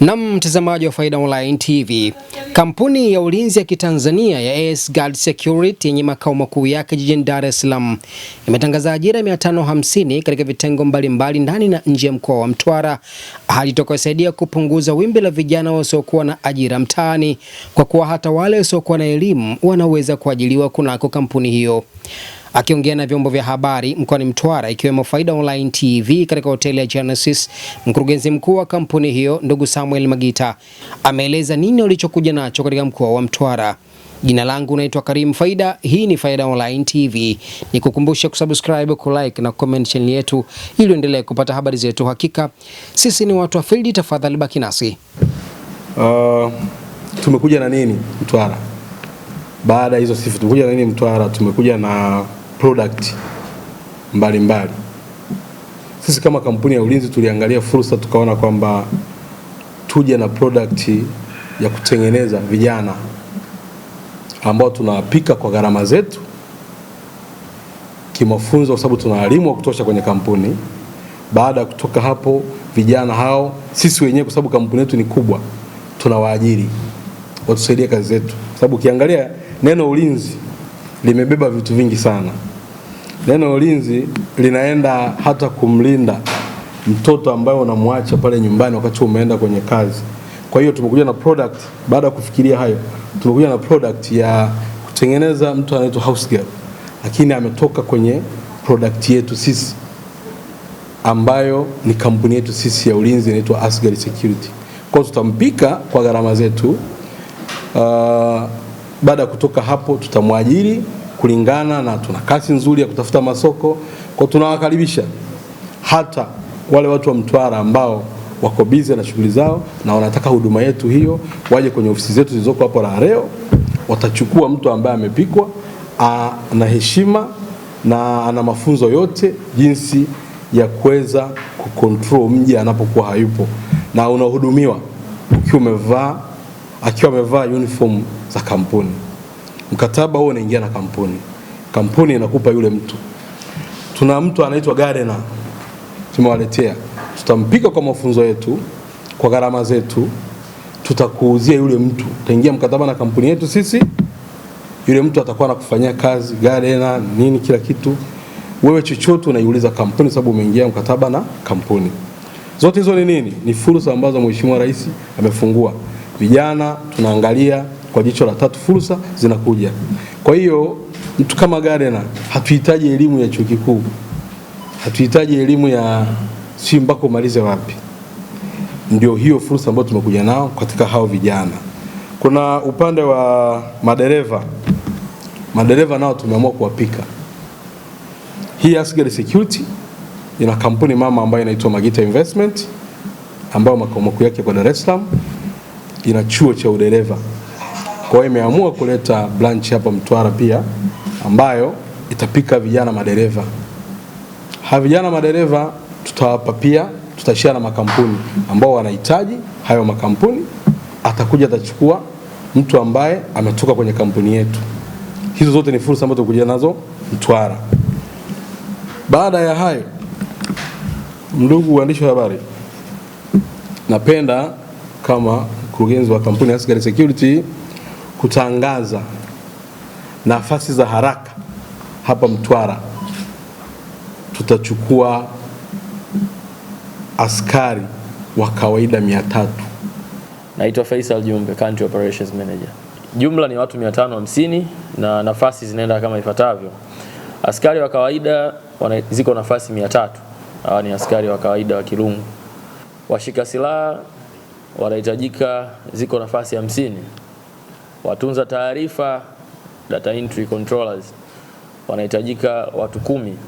Na mtazamaji wa Faida Online TV, kampuni ya ulinzi ya kitanzania ya AS Guard Security yenye makao makuu yake jijini Dar es Salaam imetangaza ajira 550 katika vitengo mbalimbali ndani na nje ya mkoa wa Mtwara, hali itakayosaidia kupunguza wimbi la vijana wasiokuwa na ajira mtaani, kwa kuwa hata wale wasiokuwa na elimu wanaweza kuajiliwa kunako kampuni hiyo. Akiongea na vyombo vya habari mkoani Mtwara ikiwemo Faida Online TV katika hoteli ya Genesis, mkurugenzi mkuu wa kampuni hiyo ndugu Samuel Magita ameeleza nini ulichokuja nacho katika mkoa wa Mtwara. Jina langu naitwa Karim Faida, hii ni Faida Online TV. Ni kukumbusha kusubscribe, kulike na comment channel yetu ili uendelee kupata habari zetu. Hakika sisi ni watu wa field, tafadhali baki nasi. Uh, tumekuja na nini Mtwara? Baada ya hizo sifa tumekuja na nini Mtwara? Tumekuja na product mbalimbali mbali. Sisi kama kampuni ya ulinzi tuliangalia fursa, tukaona kwamba tuje na product ya kutengeneza vijana ambao tunawapika kwa gharama zetu kimafunzo, kwa sababu tuna walimu wa kutosha kwenye kampuni. Baada ya kutoka hapo, vijana hao sisi wenyewe, kwa sababu kampuni yetu ni kubwa, tunawaajiri watusaidie kazi zetu, kwa sababu ukiangalia neno ulinzi limebeba vitu vingi sana. Neno ulinzi linaenda hata kumlinda mtoto ambaye unamwacha pale nyumbani wakati umeenda kwenye kazi. Kwa hiyo tumekuja na product, baada ya kufikiria hayo, tumekuja na product ya kutengeneza mtu anaitwa house girl, lakini ametoka kwenye product yetu sisi ambayo ni kampuni yetu sisi ya ulinzi inaitwa Asgard Security. Kwa tutampika kwa gharama zetu. Uh, baada ya kutoka hapo tutamwajiri kulingana na tuna kasi nzuri ya kutafuta masoko kwa, tunawakaribisha hata wale watu wa Mtwara ambao wako bize na shughuli zao na wanataka huduma yetu hiyo, waje kwenye ofisi zetu zilizoko hapo Rareo. Watachukua mtu ambaye amepikwa, ana heshima na ana mafunzo yote jinsi ya kuweza kucontrol mji anapokuwa hayupo, na unahudumiwa ukiwa umevaa, akiwa amevaa uniform za kampuni. Mkataba huo unaingia na kampuni, kampuni inakupa yule mtu. Tuna mtu anaitwa Gardener tumewaletea, tutampika kwa mafunzo yetu, kwa gharama zetu, tutakuuzia yule mtu. Utaingia mkataba na kampuni yetu sisi, yule mtu atakuwa anakufanyia kazi Gardener, nini, kila kitu. Wewe chochote unaiuliza kampuni, sababu umeingia mkataba na kampuni. Zote hizo ni nini? Ni fursa ambazo Mheshimiwa Rais amefungua. Vijana tunaangalia kwa jicho la tatu, fursa zinakuja. Kwa hiyo mtu kama Gardner hatuhitaji elimu ya chuo kikuu, hatuhitaji elimu ya si mpaka umalize wapi. Ndio hiyo fursa ambayo tumekuja nao katika hao vijana. Kuna upande wa madereva, madereva nao tumeamua kuwapika. Hii Asgard Security ina kampuni mama ambayo inaitwa Magita Investment ambayo makao makuu yake kwa Dar es Salaam, ina chuo cha udereva kwa hiyo imeamua kuleta branch hapa Mtwara pia ambayo itapika vijana madereva. Hawa vijana madereva tutawapa pia, tutashare na makampuni ambao wanahitaji hayo makampuni, atakuja atachukua mtu ambaye ametoka kwenye kampuni yetu. Hizo zote ni fursa ambazo tukuja nazo Mtwara. Baada ya hayo, ndugu waandishi wa habari, napenda kama mkurugenzi wa kampuni ya Asgard Security kutangaza nafasi za haraka hapa Mtwara, tutachukua askari wa kawaida mia tatu. Naitwa Faisal Jumbe, Country Operations Manager. Jumla ni watu 550 na nafasi zinaenda kama ifuatavyo. Askari wa kawaida wana, ziko nafasi 300. Hawa ni askari wa kawaida wa Kirungu. Washika silaha wanahitajika, ziko nafasi hamsini. Watunza taarifa data entry controllers wanahitajika watu kumi.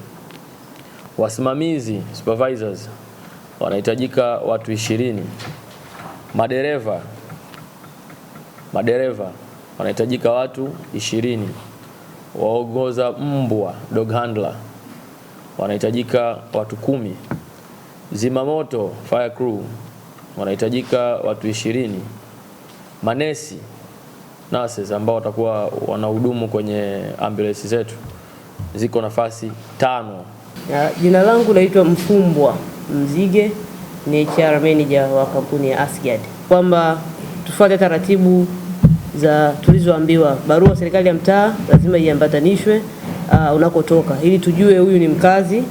Wasimamizi supervisors wanahitajika watu ishirini. Madereva madereva wanahitajika watu ishirini. Waongoza mbwa dog handler wanahitajika watu kumi. Zimamoto fire crew wanahitajika watu ishirini. Manesi nurses ambao watakuwa wanahudumu kwenye ambulance zetu, ziko nafasi tano. Jina langu naitwa Mfumbwa Mzige, ni HR manager wa kampuni ya Asgard, kwamba tufuate taratibu za tulizoambiwa. Barua serikali ya mtaa lazima iambatanishwe uh, unakotoka ili tujue huyu ni mkazi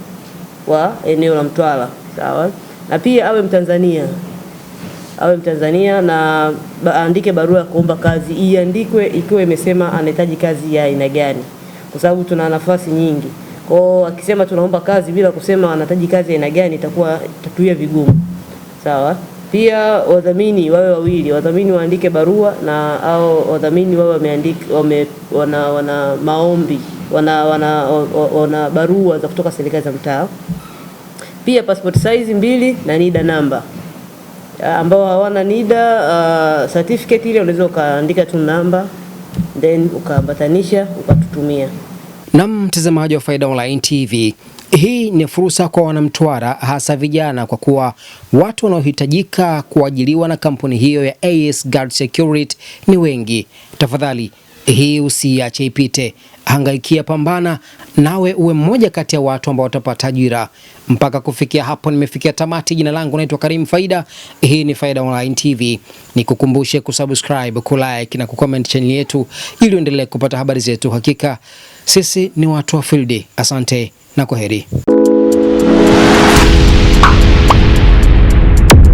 wa eneo la Mtwara, sawa, na pia awe Mtanzania awe Mtanzania na aandike barua ya kuomba kazi, iandikwe ikiwa imesema anahitaji kazi ya aina gani, kwa sababu tuna nafasi nyingi. Kwa akisema tunaomba kazi bila kusema anahitaji kazi ya aina gani, itakuwa tatuia vigumu. Sawa. Pia wadhamini wawe wawili, wadhamini waandike barua na au wadhamini wawe wameandika wame, wana, wana maombi wana, wana, wana barua za kutoka serikali za mtaa. Pia passport size mbili na NIDA namba ambao hawana NIDA uh, certificate ile unaweza ukaandika tu namba then ukaambatanisha ukatutumia. Na mtazamaji wa Faida Online TV, hii ni fursa kwa Wanamtwara, hasa vijana, kwa kuwa watu wanaohitajika kuajiliwa na kampuni hiyo ya AS Guard Security ni wengi. Tafadhali hii usiache ipite hangaikia, pambana nawe uwe mmoja kati ya watu ambao watapata ajira. Mpaka kufikia hapo nimefikia tamati. Jina langu naitwa Karim Faida, hii ni Faida Online TV. Nikukumbushe kusubscribe, kulike na kucomment channel yetu ili uendelee kupata habari zetu. Hakika sisi ni watu wa field. Asante na kwaheri.